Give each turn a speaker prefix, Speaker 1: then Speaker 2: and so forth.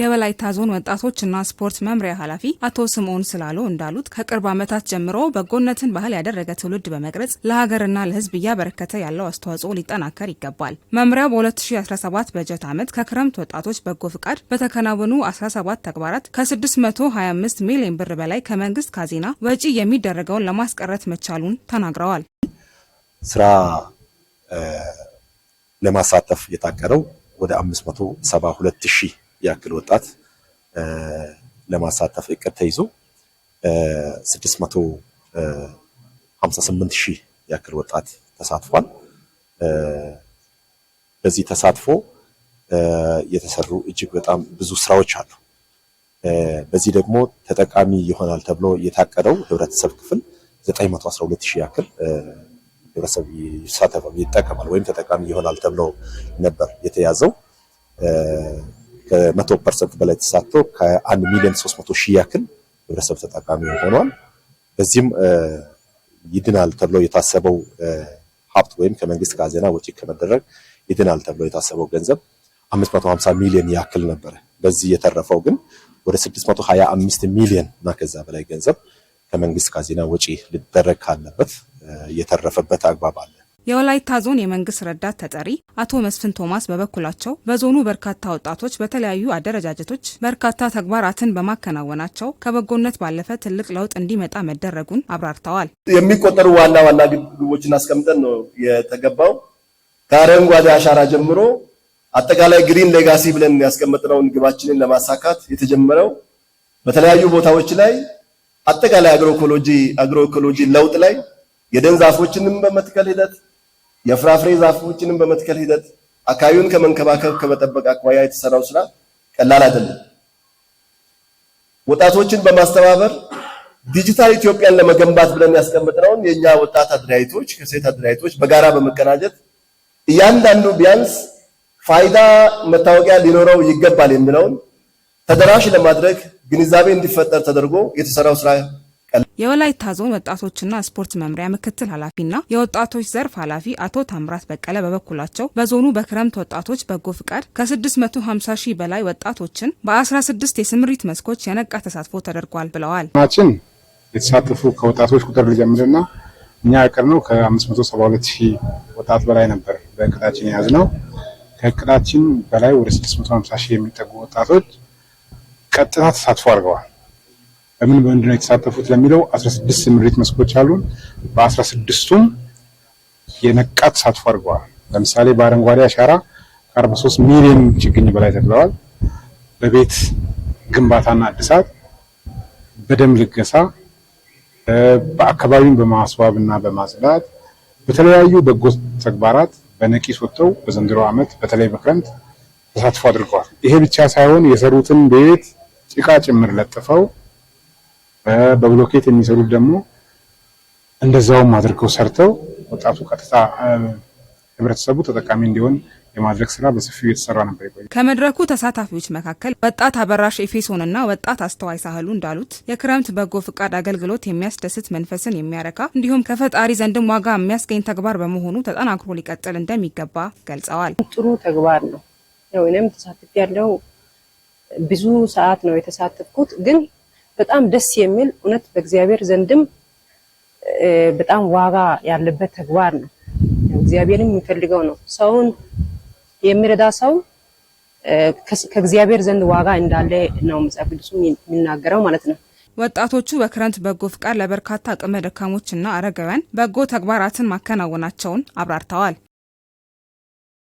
Speaker 1: የወላይታ ዞን ወጣቶችና ስፖርት መምሪያ ኃላፊ አቶ ስምዖን ስላሎ እንዳሉት ከቅርብ ዓመታት ጀምሮ በጎነትን ባህል ያደረገ ትውልድ በመቅረጽ ለሀገርና ለሕዝብ እያበረከተ ያለው አስተዋጽኦ ሊጠናከር ይገባል። መምሪያው በ2017 በጀት ዓመት ከክረምት ወጣቶች በጎ ፍቃድ በተከናወኑ 17 ተግባራት ከ625 ሚሊዮን ብር በላይ ከመንግስት ካዜና ወጪ የሚደረገውን ለማስቀረት መቻሉን ተናግረዋል።
Speaker 2: ስራ ለማሳተፍ የታቀደው ወደ 572 ሺህ ያክል ወጣት ለማሳተፍ እቅድ ተይዞ 658 ሺህ ያክል ወጣት ተሳትፏል። በዚህ ተሳትፎ የተሰሩ እጅግ በጣም ብዙ ስራዎች አሉ። በዚህ ደግሞ ተጠቃሚ ይሆናል ተብሎ የታቀደው ህብረተሰብ ክፍል 912 ሺህ ያክል ህብረተሰብ ይሳተፋል፣ ይጠቀማል ወይም ተጠቃሚ ይሆናል ተብሎ ነበር የተያዘው። ከመቶ ፐርሰንት በላይ ተሳትቶ ከአንድ ሚሊዮን ሶስት መቶ ሺህ ያክል ህብረተሰብ ተጠቃሚ ሆኗል። በዚህም ይድናል ተብሎ የታሰበው ሀብት ወይም ከመንግስት ካዝና ወጪ ከመደረግ ይድናል ተብሎ የታሰበው ገንዘብ 550 ሚሊዮን ያክል ነበረ። በዚህ የተረፈው ግን ወደ 625 ሚሊዮን እና ከዛ በላይ ገንዘብ ከመንግስት ካዝና ወጪ ሊደረግ ካለበት የተረፈበት አግባብ አለ።
Speaker 1: የወላይታ ዞን የመንግስት ረዳት ተጠሪ አቶ መስፍን ቶማስ በበኩላቸው በዞኑ በርካታ ወጣቶች በተለያዩ አደረጃጀቶች በርካታ ተግባራትን በማከናወናቸው ከበጎነት ባለፈ ትልቅ ለውጥ እንዲመጣ መደረጉን አብራርተዋል።
Speaker 3: የሚቆጠሩ ዋና ዋና ግቦችን አስቀምጠን ነው የተገባው። ከአረንጓዴ አሻራ ጀምሮ አጠቃላይ ግሪን ሌጋሲ ብለን ያስቀመጥነውን ግባችንን ለማሳካት የተጀመረው በተለያዩ ቦታዎች ላይ አጠቃላይ አግሮኢኮሎጂ አግሮኢኮሎጂ ለውጥ ላይ የደን ዛፎችንም በመትከል ሂደት የፍራፍሬ ዛፎችንም በመትከል ሂደት አካባቢውን ከመንከባከብ ከመጠበቅ አኳያ የተሰራው ስራ ቀላል አይደለም። ወጣቶችን በማስተባበር ዲጂታል ኢትዮጵያን ለመገንባት ብለን ያስቀምጥነውን የእኛ ወጣት አድራይቶች ከሴት አድራይቶች በጋራ በመቀናጀት እያንዳንዱ ቢያንስ ፋይዳ መታወቂያ ሊኖረው ይገባል የሚለውን ተደራሽ ለማድረግ ግንዛቤ እንዲፈጠር ተደርጎ የተሰራው ስራ
Speaker 1: የወላይታ ዞን ወጣቶችና ስፖርት መምሪያ ምክትል ኃላፊና የወጣቶች ዘርፍ ኃላፊ አቶ ታምራት በቀለ በበኩላቸው በዞኑ በክረምት ወጣቶች በጎ ፍቃድ ከ650 ሺህ በላይ ወጣቶችን በ16 የስምሪት መስኮች የነቃ ተሳትፎ ተደርጓል ብለዋል።
Speaker 4: ማችን የተሳተፉ ከወጣቶች ቁጥር ልጀምርና እኛ ያቀር ነው ከ572 ሺህ ወጣት በላይ ነበር በእቅዳችን የያዝ ነው። ከእቅዳችን በላይ ወደ 650 ሺህ የሚጠጉ ወጣቶች ቀጥታ ተሳትፎ አድርገዋል። በምን በምንድን ነው የተሳተፉት ለሚለው 16 የምሬት መስኮች አሉን። በ16ቱም የነቃ ተሳትፎ አድርገዋል። ለምሳሌ በአረንጓዴ አሻራ ከ43 ሚሊዮን ችግኝ በላይ ተክለዋል። በቤት ግንባታና እድሳት፣ በደም ልገሳ፣ በአካባቢውን በማስዋብ እና በማጽዳት በተለያዩ በጎ ተግባራት በነቂስ ወጥተው በዘንድሮ ዓመት በተለይ በክረምት ተሳትፎ አድርገዋል። ይሄ ብቻ ሳይሆን የሰሩትን ቤት ጭቃ ጭምር ለጥፈው በብሎኬት የሚሰሩት ደግሞ እንደዛውም አድርገው ሰርተው ወጣቱ ቀጥታ ህብረተሰቡ ተጠቃሚ እንዲሆን የማድረግ ስራ በሰፊው እየተሰራ ነበር።
Speaker 1: ከመድረኩ ተሳታፊዎች መካከል ወጣት አበራሽ ኤፌሶንና ወጣት አስተዋይ ሳህሉ እንዳሉት የክረምት በጎ ፍቃድ አገልግሎት የሚያስደስት መንፈስን የሚያረካ እንዲሁም ከፈጣሪ ዘንድም ዋጋ የሚያስገኝ ተግባር በመሆኑ ተጠናክሮ ሊቀጥል እንደሚገባ ገልጸዋል።
Speaker 5: ጥሩ ተግባር ነው። ያው እኔም ተሳትፍ ያለው ብዙ ሰዓት ነው የተሳተፍኩት ግን በጣም ደስ የሚል እውነት በእግዚአብሔር ዘንድም በጣም ዋጋ ያለበት ተግባር ነው። እግዚአብሔርም የሚፈልገው ነው። ሰውን የሚረዳ ሰው ከእግዚአብሔር ዘንድ ዋጋ እንዳለ ነው መጽሐፍ ቅዱስ የሚናገረው ማለት ነው።
Speaker 1: ወጣቶቹ በክረምት በጎ ፍቃድ ለበርካታ አቅመ ደካሞችና አረጋውያን በጎ ተግባራትን ማከናወናቸውን አብራርተዋል።